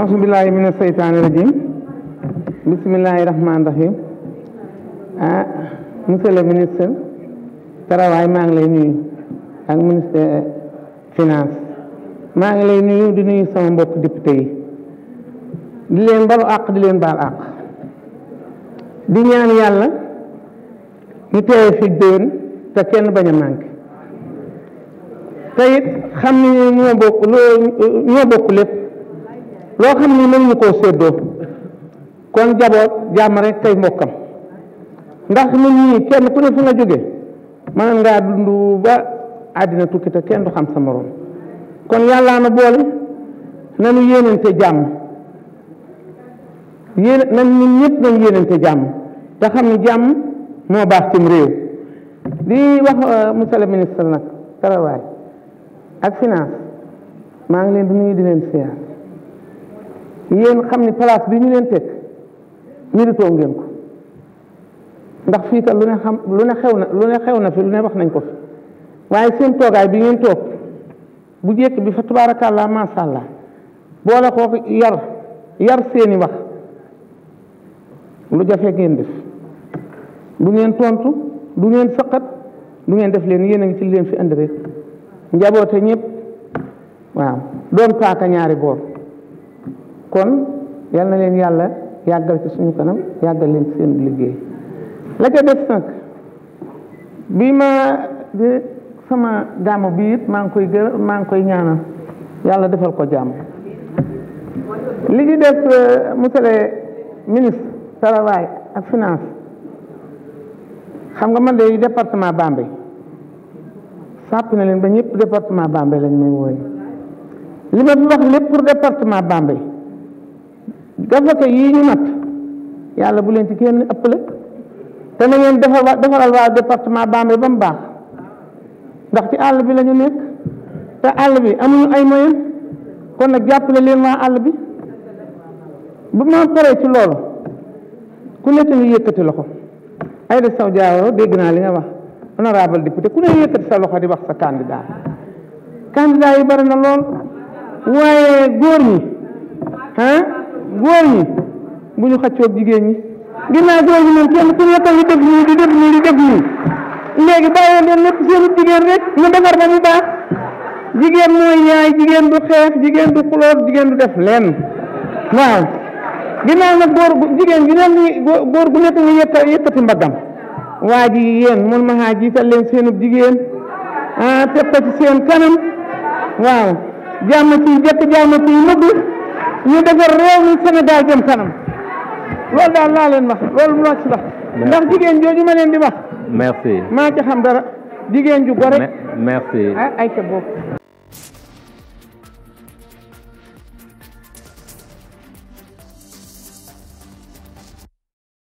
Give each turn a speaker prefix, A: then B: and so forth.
A: أعوذ بالله من الشيطان الرجيم بسم الله الرحمن الرحيم ah monsieur le ministre Karawaay maa ngi lay nuyu ak ministre finance maa ngi lay nuyu di nuyu sama mbokk député yi di leen balu àq di leen baal àq di ñaan ñu fi déen te kenn bañ a manqué te it xam ni ñoo bokk loo ñoo bokk lépp loo xam ni mënuñu koo séddoo kon jaboot jàmm rek tey mbokkam ndax nit ñi kenn ku ne nga jóge mën ngaa dund ba àddina tukki kenn du xam sa morom kon yàllaa na boole nanu yéenante jàmm yéen nan ñun ñëpp nañ yéenante jàmm te xam ni jàmm moo baax cim réew di wax euh, monsieur le ministre nag travail ak finance maa ngi leen di nuyu di leen siyaar yéen xam ni place bi ñu leen teg méritoo ngeen ko ndax fii kat lu ne xam lu ne xew na lu xew na fi lu ne wax nañ ko fi waaye seen toogaay bi ngeen toog bu jekk bi fa tubaarakàllaa macha allah boole koo yar yar seeni wax lu jafe ngeen def lu ngeen tontu du ngeen sëqat du ngeen def leen yéen a ngi ci leen fi andi rek njaboote ñépp waaw doon paaka ñaari boor kon yal na leen yàlla yàggal ci suñu kanam yàggal leen seen liggéey la ca des nag bi ma sama gàmm bi it maa ngi koy gër maa ngi koy ñaana yàlla defal ko jàmm li ci des euh, monsieur le ministre travail ak finance xam nga man de département Bambey sàpp na leen ba ñëpp département Bambey lañ may wooye li ma fi wax lépp pour département Bambey gafaka yii ñu natt yàlla bu leen ci kenn ëppale te na ngeen defar defaral waa département Bambey ba mu baax ndax ci àll bi la ñu nekk te àll bi amuñu ay moyen kon nag jàppale leen waa àll bi bu ma paree ci loolu ku nekk ñu yëkkati loxo ay de saw dégg naa li nga wax honorable député ku ne yëkkati sa loxo di wax sa candidat candidat yi bari na lool waaye góor ñi góor ñi bu ñu xëccoog jigéen ñi ginnaaw góor ñi moom kenn ku nekk li def nii di def nii di def nii léegi bàyyi leen lépp seenu jigéen rek ñu defar ba mu baax jigéen mooy yaay jigéen du xeex jigéen du xulóog jigéen du def leen waaw ginnaaw nag góor jigéen gi nag góor gu nekk nga yëtta yëttati mbaggam waa ji yéen mun ma xaa jiital leen seenub jigéen ah teg ko ci seen kanam waaw jàmm ci jëkk jàmm ci ñu defar réew mi Sénégal jëm kanam loolu daal laa leen wax loolu mu ci wax ndax jigéen jooju ma leen di wax merci maa ci xam dara jigéen ju gore merci ah, ay ca bokk